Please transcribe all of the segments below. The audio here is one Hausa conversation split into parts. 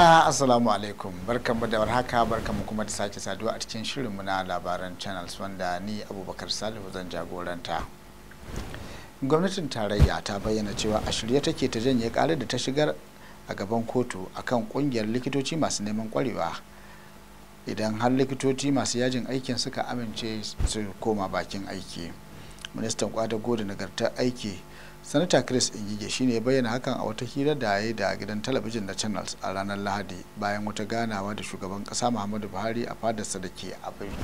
jama'a assalamu alaikum barkanmu da warhaka barkanmu kuma da sake saduwa a cikin shirinmu na labaran channels wanda ni abubakar salihu zan jagoranta gwamnatin tarayya ta bayyana cewa a shirye take ta janye ƙarar da ta shigar a gaban kotu akan kungiyar likitoci masu neman kwarewa idan har likitoci masu yajin aikin suka amince su koma bakin aiki ministan kwada da nagartar aiki sanata chris ingige shine bayyana hakan a wata hira da yayi da gidan talabijin na channels a ranar lahadi bayan wata ganawa da shugaban kasa muhammadu buhari a fadarsa da ke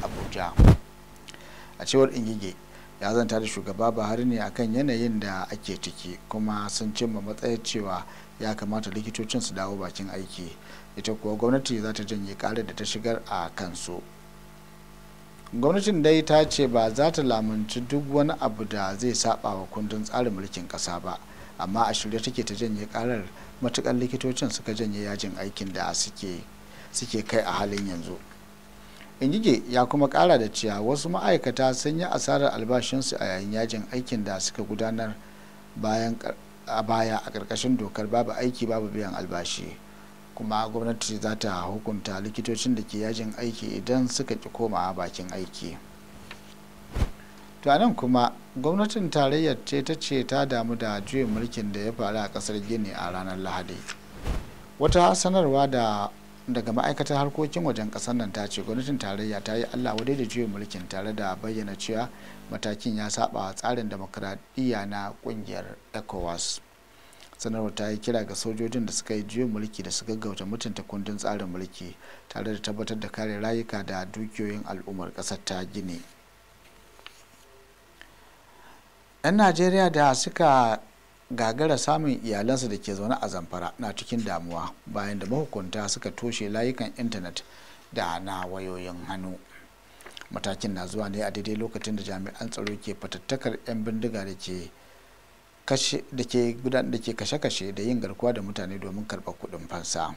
abuja a cewar ingige ya zanta da shugaba buhari ne akan yanayin da ake ciki kuma sun cimma matsayar cewa ya kamata likitocin su dawo bakin aiki ita kuwa gwamnati za ta janye karar da ta shigar a kansu gwamnatin dai ta ce ba za ta lamunci duk wani abu da zai saba wa kundin tsarin mulkin kasa ba amma a shirye take ta janye karar matukan likitocin suka janye yajin aikin da suke kai a halin yanzu ingige ya kuma kara da cewa wasu ma'aikata sun yi asarar albashinsu a yayin yajin aikin da suka gudanar bayan a baya a ƙarƙashin dokar babu aiki babu biyan albashi kuma gwamnati za ta hukunta likitocin da ke yajin aiki idan suka ki koma bakin aiki nan kuma gwamnatin tarayyar ce ta ce ta damu da juyin mulkin da ya faru a kasar gini a ranar lahadi wata sanarwa da daga ma'aikatar harkokin wajen kasar nan ta ce gwamnatin tarayya ta yi allah wadai da juyin mulkin tare da bayyana cewa matakin ya saba tsarin demokradiyya na kungiyar ecowas sanarwar ta yi kira ga sojojin da suka yi juyin mulki da su gaggauta mutunta kundin tsarin mulki tare da tabbatar da kare rayuka da dukiyoyin al'ummar kasar ta gini 'yan najeriya da suka gagara samun iyalansu da ke zaune a zamfara na cikin damuwa bayan da mahukunta suka toshe layukan intanet da na wayoyin hannu matakin na zuwa ne a daidai lokacin da jami'an tsaro ke fatattakar 'yan bindiga da ke kashe da ke kashe-kashe da yin garkuwa da mutane domin karɓar kuɗin fansa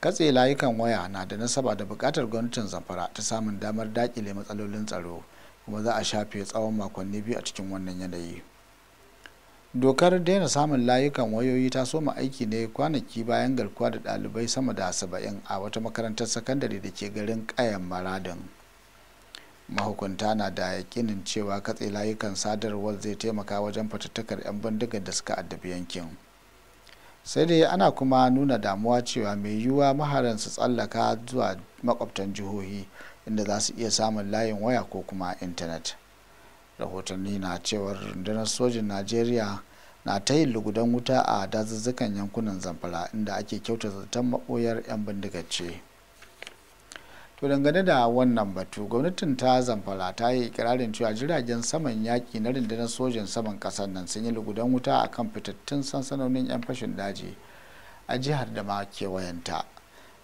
katse layukan waya na da nasaba da buƙatar gwamnatin zamfara ta samun damar daƙile matsalolin tsaro kuma za a shafe tsawon makonni biyu a cikin wannan yanayi dokar daina samun layukan wayoyi ta soma aiki ne kwanaki bayan garkuwa da ɗalibai sama da saba'in a wata makarantar sakandare da ke garin ƙayan maradin mahukunta na da yakinin cewa katse layukan sadarwar zai taimaka wajen fatattakar 'yan bindigar da suka addabi yankin sai dai ana kuma nuna damuwa cewa mai yiwuwa maharan su tsallaka zuwa makwabtan jihohi inda za su iya samun layin waya ko kuma intanet rahotanni na cewar rundunar sojin najeriya na ta yin lugudan wuta a dazuzzukan yankunan zamfara inda ake kyautata zaton maboyar 'yan bindigar ce to dangane da wannan batu gwamnatin ta zamfara ta yi ikirarin cewa jiragen saman yaƙi na rundunar sojin saman ƙasar nan sun yi lugudan wuta a kan fitattun sansanonin 'yan fashin daji a jihar da ma kewayenta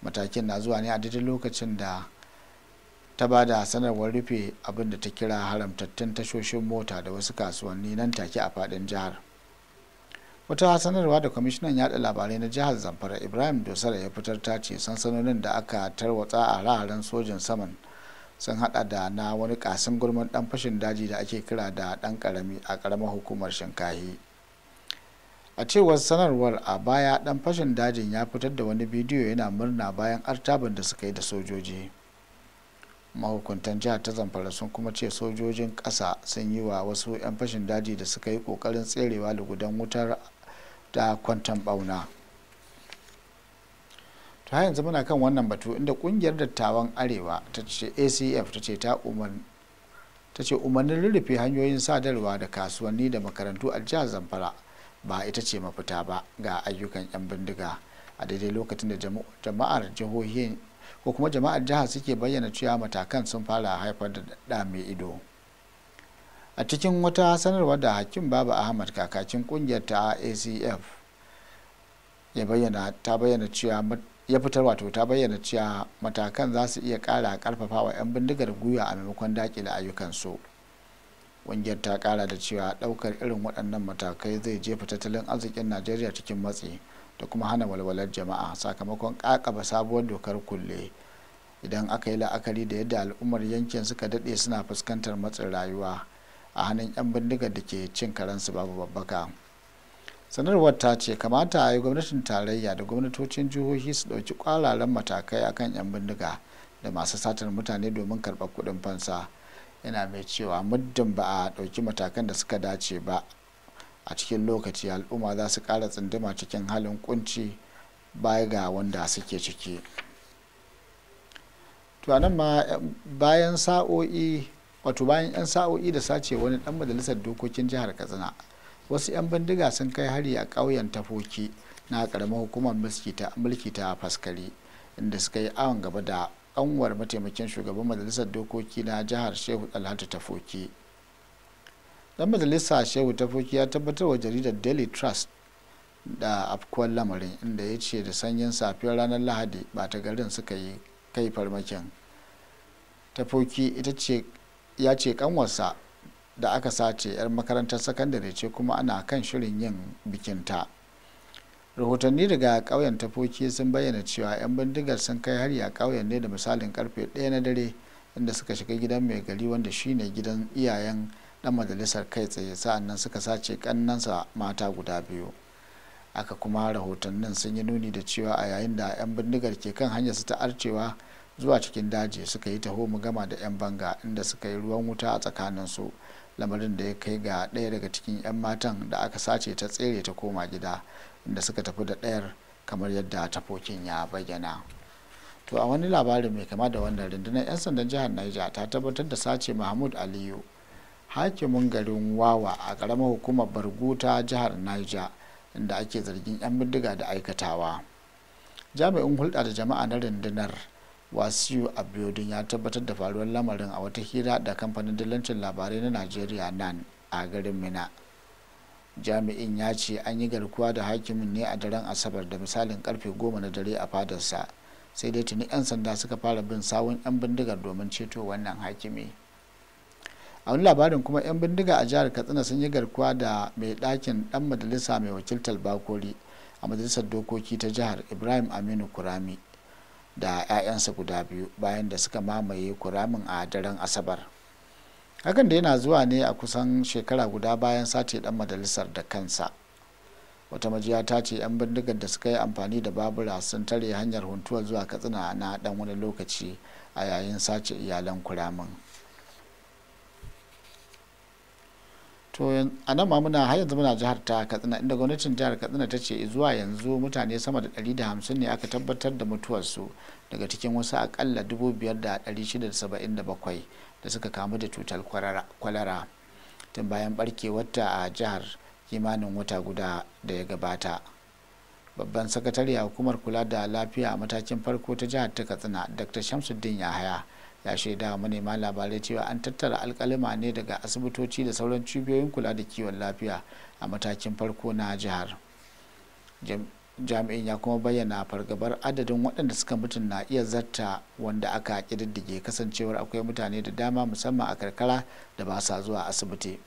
matakin na zuwa ne a daidai lokacin da ta ba da sanarwar rufe abin da ta kira haramtattun tashoshin mota da wasu kasuwanni nan take a faɗin jihar wata sanarwa da kwamishinan yada labarai na jihar zamfara ibrahim dosara ya fitar ta ce sansanonin da aka tarwatsa a raharen sojin saman sun hada da na wani kasin gurman dan fashin daji da ake kira da dan karami a karamar hukumar shinkahi a cewar sanarwar a baya dan fashin dajin ya fitar da wani bidiyo yana murna bayan artaban da suka yi da sojoji mahukuntan jihar ta zamfara sun kuma ce sojojin ƙasa sun yi wa wasu 'yan fashin daji da suka yi ƙoƙarin tserewa lugudan wutar da kwanton bauna ta yanzu muna kan wannan batu inda kungiyar dattawan arewa ta ce acf ta ce ta ta ce umarnin rurrufe hanyoyin sadarwa da kasuwanni da makarantu a jihar zamfara ba ita ce mafita ba ga ayyukan 'yan bindiga a daidai lokacin da jama'ar jihohin ko kuma jama'ar jihar suke bayyana cewa matakan sun fara haifar da ɗa mai ido. a cikin wata sanarwa da hakim babu ahmad kakakin kungiyar ta acf ya fitar wato ta bayyana cewa matakan za su iya kara karfafa wa 'yan bindigar gwiwa a maimakon dakile ayyukansu kungiyar ta kara da cewa ɗaukar irin waɗannan matakai zai jefa tattalin arzikin najeriya cikin matsi da kuma hana walwalar jama'a sakamakon ƙaƙaba sabuwar dokar kulle idan aka yi la'akari da yadda al'ummar yankin suka daɗe suna fuskantar matsin rayuwa a hannun 'yan bindigar da ke cin karansu babu babbaka sanarwar ta ce kamata a yi gwamnatin tarayya da gwamnatocin jihohi su ɗauki kwararen matakai a kan 'yan bindiga da masu satar mutane domin karɓar kuɗin fansa yana mai cewa muddin ba a ɗauki matakan da suka dace ba a cikin lokaci al'umma za su ƙara tsindima cikin halin kunci baya ga wanda suke ciki to nan bayan sa'o'i wato bayan 'yan sa'o'i da sace wani dan majalisar dokokin jihar katsina wasu 'yan bindiga sun kai hari a ƙauyen tafoki na karamar hukumar mulki ta faskari inda suka yi awon gaba da anwar mataimakin shugaban majalisar dokoki na jihar shehu alhatu tafoki dan majalisa shehu tafoki ya tabbatar wa jaridar daily trust da afkuwar lamarin inda ya ce da sanyin safiyar ranar lahadi ba ta garin suka yi kai farmakin tafoki ita ce ya ce kanwarsa da aka sace 'yar makarantar sakandare ce kuma ana kan shirin yin bikinta rahotanni daga ƙauyen tafoki sun bayyana cewa 'yan bindigar sun kai hari a ƙauyen ne da misalin karfe 1 na dare inda suka shiga gidan mai gari wanda shine gidan iyayen dan majalisar kai tsaye sa'annan suka sace kannansa mata guda biyu aka kuma rahotannin sun yi nuni da cewa a yayin da 'yan bindigar ke kan hanyarsu ta arcewa zuwa cikin daji suka yi taho mu gama da 'yan banga inda suka yi ruwan wuta a tsakanin su lamarin da ya kai ga ɗaya daga cikin 'yan matan da aka sace ta tsere ta koma gida inda suka tafi da ɗayar kamar yadda tafokin ya bayyana to a wani labarin mai kama da wannan rundunar 'yan sandan jihar niger ta tabbatar da sace mahmud aliyu hakimin garin wawa a ƙaramar hukumar bargu ta jihar niger inda ake zargin 'yan bindiga da aikatawa jami'in hulɗa da jama'a na rundunar wasiu abiodun ya tabbatar da faruwar lamarin a wata hira da kamfanin dillancin labarai na najeriya nan a garin mina jami'in ya ce an yi garkuwa da hakimin ne a daren asabar da misalin karfe goma na dare a fadarsa sai dai tuni 'yan sanda suka fara bin sawun 'yan bindigar domin ceto wannan hakimi a wani labarin kuma 'yan bindiga a jihar katsina sun yi garkuwa da mai ɗakin ɗan majalisa mai wakiltar bakori a majalisar dokoki ta jihar ibrahim aminu kurami da 'ya'yansa guda biyu bayan da suka mamaye kuramin a daren asabar hakan da yana zuwa ne a kusan shekara guda bayan sace dan majalisar da kansa wata majiya ta ce 'yan bindigar da suka yi amfani da babura sun tare hanyar huntuwar zuwa katsina na dan wani lokaci a yayin sace iyalan kuramin to a nan ma muna har yanzu muna jihar ta katsina inda gwamnatin jihar katsina ta ce zuwa yanzu mutane sama da 150 ne aka tabbatar da mutuwarsu daga cikin wasu akalla 5,677 da suka kamu da cutar kwalara tun bayan ta a jihar kimanin wata guda da ya gabata babban sakatare a hukumar kula da lafiya a matakin farko ta jihar ta katsina dr shamsuddin yahaya ya shaida manema labarai cewa an tattara alkalima ne daga asibitoci da sauran cibiyoyin kula da kiwon lafiya a matakin farko na jihar jami'in ya kuma bayyana fargabar adadin waɗanda suka mutu na iya zarta wanda aka ƙididdige kasancewar akwai mutane da dama musamman a karkara da ba sa zuwa asibiti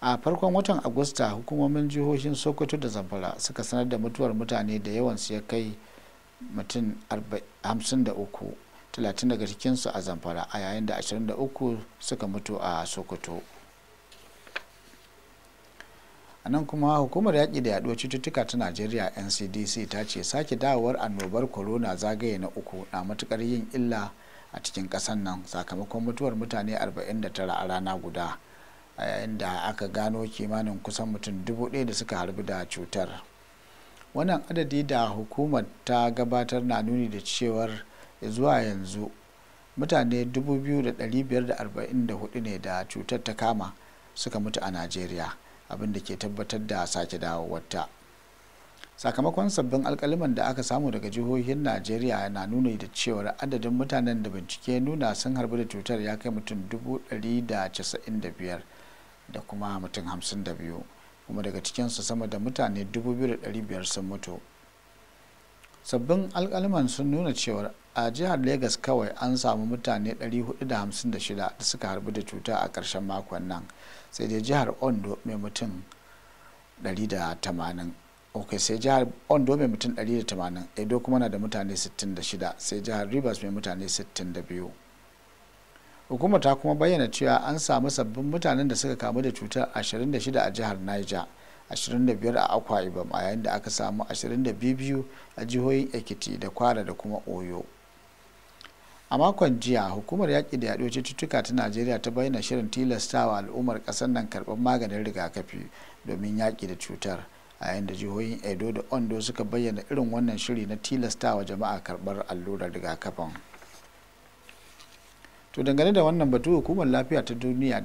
a farkon watan agusta hukumomin jihohin sokoto da zamfara suka sanar da mutuwar mutane da yawan su ya kai mutum 53 30 daga cikinsu a zamfara a yayin da 23 suka mutu a sokoto a nan kuma hukumar yaƙi da yaɗuwar cututtuka ta najeriya ncdc ta ce sake dawowar annobar corona zagaye na uku na matukar yin illa a cikin ƙasar nan sakamakon mutuwar mutane 49 a rana guda a yayin da aka gano kimanin kusan mutum dubu ɗaya da suka harbi da cutar wannan adadi da hukumar ta gabatar na nuni da cewar zuwa yanzu mutane 2,544 ne da cutar ta kama suka mutu a najeriya abinda ke tabbatar da sake dawowarta sakamakon sabbin alkaliman da aka samu daga jihohin najeriya na nuna da cewar adadin mutanen da bincike nuna sun harbi da cutar ya kai mutum 195 da kuma mutum 52 kuma daga cikinsu sama da mutane 2,500 sun mutu sabbin alkaliman sun nuna cewar a jihar lagos kawai an samu mutane 456 da suka harbu da cuta a ƙarshen makon nan sai dai jihar ondo mai mutum 180 ok sai jihar ondo mai mutum 180 edo kuma na da mutane 66 sai jihar rivers mai mutane 62 hukumar ta kuma bayyana cewa an samu sabbin mutanen da suka kamu da cutar 26 a jihar niger 25 a akwa ibom a yayin da aka samu 22 a jihohin ekiti da kwara da kuma oyo a makon jiya hukumar yaƙi da yaɗuwar cututtuka ta najeriya ta bayyana shirin tilastawa al'ummar ƙasar nan karɓar maganin rigakafi domin yaƙi da cutar a yayin da jihohin edo da ondo suka bayyana irin wannan shiri na tilastawa jama'a karɓar allurar rigakafin to dangane da wannan batu hukumar lafiya ta duniya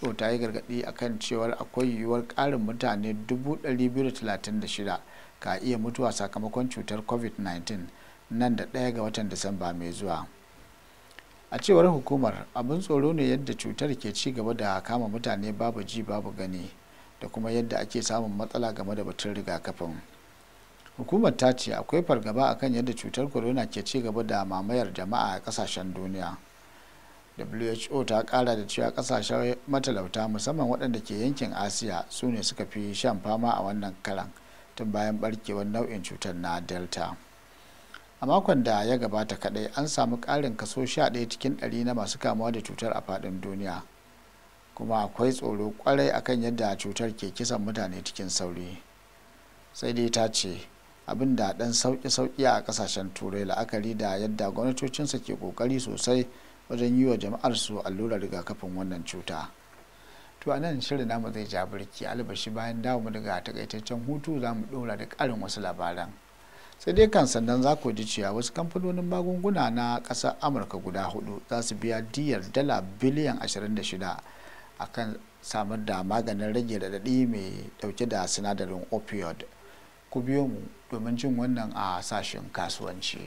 who ta yi gargaɗi kan cewar akwai yiwuwar ƙarin mutane 236 ka iya mutuwa sakamakon cutar covid-19 nan da ɗaya ga watan disamba mai zuwa a cewar hukumar abin tsoro ne yadda cutar ke ci gaba da kama mutane babu ji babu gani da kuma yadda ake samun matsala game da batun rigakafin hukumar ta ce akwai fargaba akan yadda cutar corona ke ci gaba da mamayar jama'a a kasashen duniya who ta kara da cewa kasashen matalauta musamman waɗanda ke yankin asiya su ne suka fi shan fama a wannan karan tun bayan barkewar nau'in cutar na delta a makon da ya gabata kadai an samu karin kaso 11 cikin 100 na masu kamuwa da cutar a fadin duniya kuma akwai tsoro kwarai akan yadda cutar ke kisan mutane cikin sauri sai dai ta ce abin da dan sauki-sauki a kasashen turai la'akari da yadda gwamnatocinsa ke kokari sosai wajen yi wa jama'ar su allurar rigakafin wannan cuta to anan shirin namu zai ja birki albashi bayan dawo mu daga takaitaccen hutu za mu dora da karin wasu labaran sai dai kan sandan za ku ji cewa wasu kamfanonin magunguna na ƙasar amurka guda hudu za su biya diyar dala biliyan 26 kan samar da maganin rage radadi mai dauke da sinadarin opioid ku biyo mu domin jin wannan a sashen kasuwanci.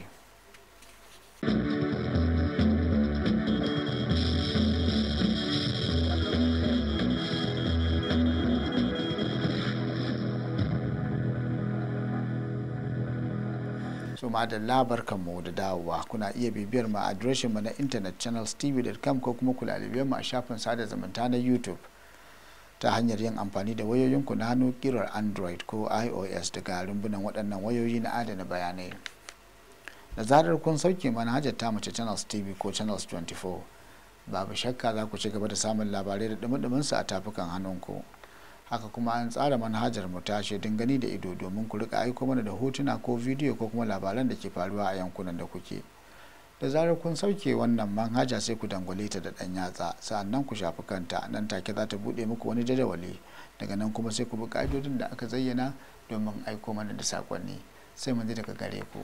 madalla mu da dawowa kuna iya bibiyar mu a mu na intanet channelstv.com ko kuma kula bibiyar mu a shafin sada zumunta na youtube ta hanyar yin amfani da wayoyinku na hannu kirar android ko ios daga rumbunan waɗannan wayoyi na adana bayanai da zarar kun sauke manhajar ta mace channels tv ko channels 24 babu shakka za ku ci gaba da samun labarai da ɗumi-ɗuminsu a tafukan hannunku. ku haka kuma an tsara manhajar mu ta shaidun gani da ido domin ku rika aiko mana da hotuna ko bidiyo ko kuma labaran da ke faruwa a yankunan da kuke da zarar kun sauke wannan manhaja sai ku dangwale ta da dan yatsa sa'annan ku shafi kanta nan take za ta bude muku wani jadawali daga nan kuma sai ku bi ka'idodin da aka zayyana domin aiko mana da sakonni sai mun ji daga gare ku.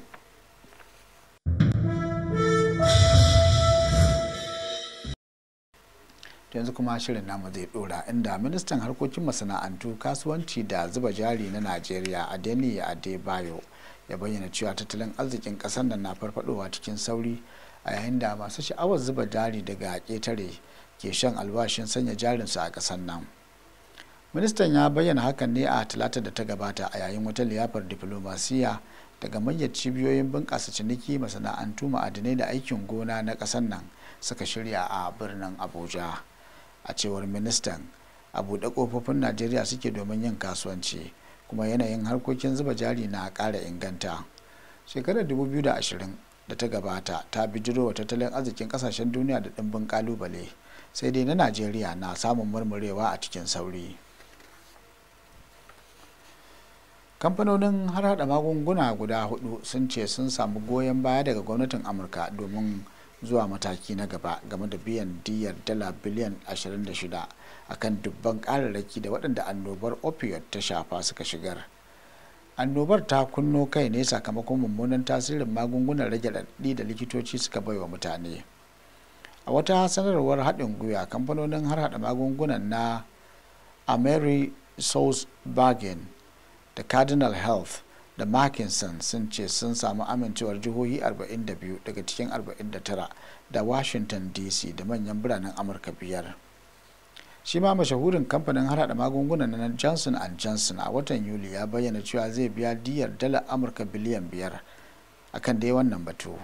yanzu kuma shirin namu zai dora inda ministan harkokin masana'antu kasuwanci da zuba jari na najeriya adeni adebayo ya bayyana cewa tattalin arzikin kasar nan na farfadowa cikin sauri a yayin da masu sha'awar zuba jari daga ketare ke shan albashin sanya jarinsu a kasar nan ministan ya bayyana hakan ne a talata da ta gabata a yayin wata liyafar diflomasiya daga manyan cibiyoyin bunƙasa ciniki masana'antu ma'adinai da aikin gona na ƙasar nan suka shirya a birnin abuja a cewar ministan a buɗe kofofin najeriya suke domin yin kasuwanci kuma yanayin harkokin zuba jari na ƙara inganta shekarar 2020 da ta gabata ta bijiro wa tattalin arzikin ƙasashen duniya da ɗimbin ƙalubale sai dai na najeriya na samun murmurewa a cikin sauri kamfanonin har hada magunguna guda hudu sun ce sun samu goyon baya daga gwamnatin amurka domin zuwa mataki na gaba game da biyan diyar dala biliyan 26 akan dubban ƙararraki da waɗanda annobar opioid ta shafa suka shigar annobar ta kunno kai ne sakamakon mummunan tasirin magungunan rage raɗaɗi da likitoci suka bai wa mutane a wata sanarwar haɗin gwiwa kamfanonin har haɗa magungunan na ameri source bargain da cardinal health da markinson sun ce sun samu amincewar jihohi 42 daga cikin 49 da Washington DC da manyan biranen Amurka biyar. shi ma mashahurin kamfanin harada magunguna na johnson johnson a watan yuli ya bayyana cewa zai biya diyar dalar amurka biliyan biyar a kan dai wannan batu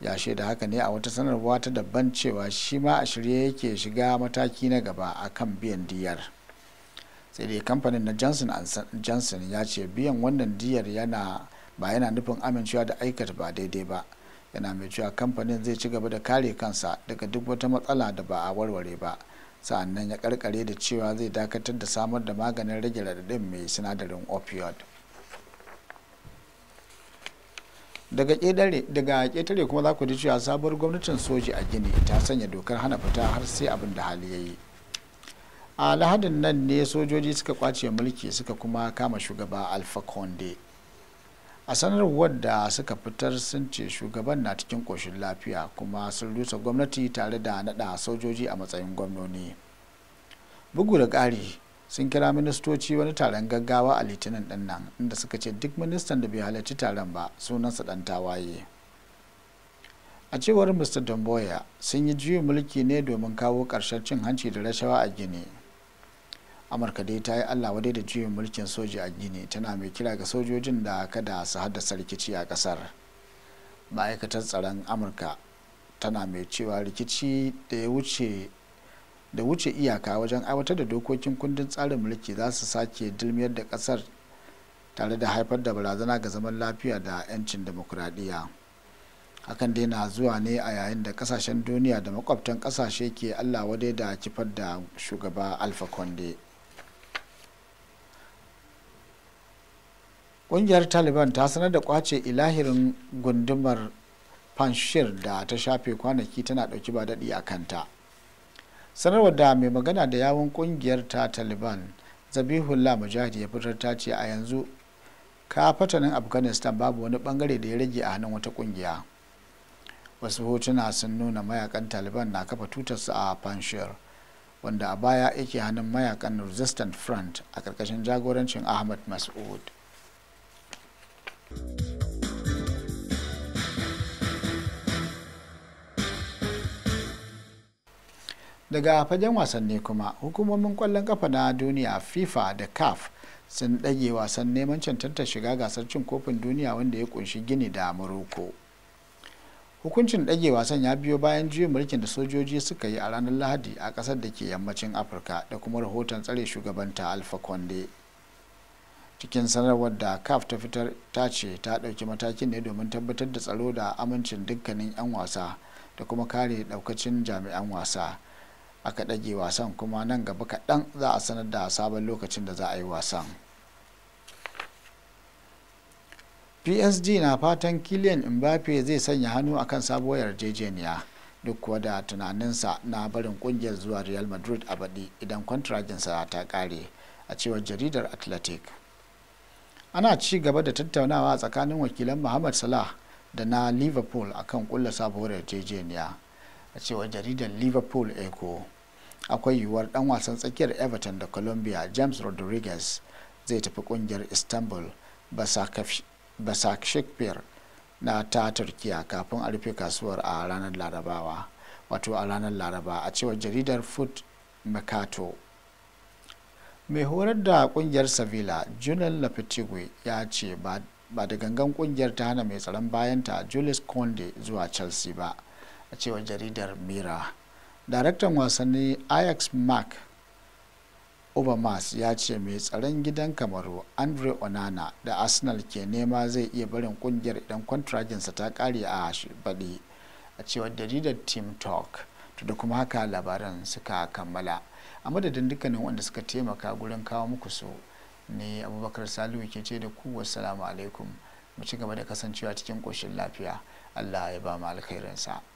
ya shaida haka ne a wata sanarwa ta daban cewa shi ma a shirye yake shiga mataki na gaba akan biyan diyar sai dai kamfanin na johnson johnson ya ce biyan wannan diyar yana ba yana nufin amincewa da aikata ba daidai ba yana mai cewa kamfanin zai ci gaba da kare kansa daga duk wata matsala da ba a warware ba sa'annan ya karkare da cewa zai dakatar da samar da maganin rage radadin mai sinadarin opioid daga ƙetare kuma za ku ji cewa sabuwar gwamnatin soji a gini ta sanya dokar hana fita har sai abin da hali ya yi a lahadin nan ne sojoji suka kwace mulki suka kuma kama shugaba alfa conde a sanarwar da suka fitar sun ce shugaban na cikin koshin lafiya kuma sun rusa gwamnati tare da nada sojoji a matsayin gwamnoni bugu da ƙari sun kira ministoci wani taron gaggawa a litinin din nan inda suka ce duk ministan da bai halarci taron ba sunansa dan tawaye a cewar mr damboya sun yi juyin mulki ne domin kawo ƙarshen cin hanci da rashawa a gini amurka dai ta yi allah wadai da juyin mulkin soji a gini tana mai kira ga sojojin da kada su haddasa rikici a kasar ma'aikatar tsaron amurka tana mai cewa rikici da wuce iyaka wajen aiwatar da dokokin kundin tsarin mulki za su sake dilmiyar da kasar tare da haifar da barazana ga zaman lafiya da 'yancin demokuraɗiyya hakan dai na zuwa ne a yayin da kasashen duniya da makwabtan kasashe ke allah wadai da kifar da shugaba alfa konde ƙungiyar taliban ta sanar da kwace ilahirin gundumar panshir da ta shafe kwanaki tana ɗauki ba daɗi a kanta sanarwar da mai magana da yawun ƙungiyar ta taliban zabihullah mujahid ya fitar ta ce a yanzu ka fatanin afghanistan babu wani bangare da ya rage a hannun wata ƙungiya wasu hotuna sun nuna mayakan taliban na kafa tutarsu a panshir wanda a baya yake hannun mayakan resistant front a ƙarƙashin jagorancin ahmad mas'ud daga fagen wasanni kuma hukumomin kwallon kafa na duniya fifa da caf sun ɗage wasan neman cancantar shiga gasar cin kofin duniya wanda ya kunshi gini da morocco hukuncin ɗage wasan ya biyo bayan juyin mulkin da sojoji suka yi a ranar lahadi a ƙasar da ke yammacin afirka da kuma rahoton tsare shugabanta alfa konde cikin sanarwar da caf ta fitar ta ce ta ɗauki matakin ne domin tabbatar da tsaro da amincin dukkanin 'yan wasa da kuma kare ɗaukacin jami'an wasa aka ɗage wasan kuma nan gaba kaɗan za a sanar da sabon lokacin da za a yi wasan psg na fatan kilian mbappe zai sanya hannu akan sabuwar yarjejeniya duk kuwa da tunaninsa na barin kungiyar zuwa real madrid a baɗi idan kwantraginsa ta ƙare a cewar jaridar atlantic ana ci gaba da tattaunawa tsakanin wakilan muhammad salah da na liverpool akan kulla sabuwar yarjejeniya a cewar jaridar liverpool echo akwai yiwuwar dan wasan tsakiyar everton da colombia james rodriguez zai tafi kungiyar istanbul basak shakespeare na ta turkiya kafin a rufe kasuwar a ranar larabawa wato a ranar laraba a cewar jaridar food mercato mai horar da kungiyar sevilla julian lapetigui ya ce ba da gangan kungiyar ta hana mai tsaron bayanta julius conde zuwa chelsea ba a cewar jaridar mira daraktan wasanni ajax mark obermas ya ce mai tsaron gidan kamaru andre onana da arsenal ke nema zai iya barin kungiyar idan kwantrajinsa ta kare a baɗi a cewar jaridar team talk to da kuma haka labaran suka kammala a madadin dukkanin wanda suka taimaka gurin kawo muku so ne abubakar salihu ke ce da ku salamu alaikum mu ci gaba da kasancewa cikin ƙoshin lafiya allah ya ba mu alkhairinsa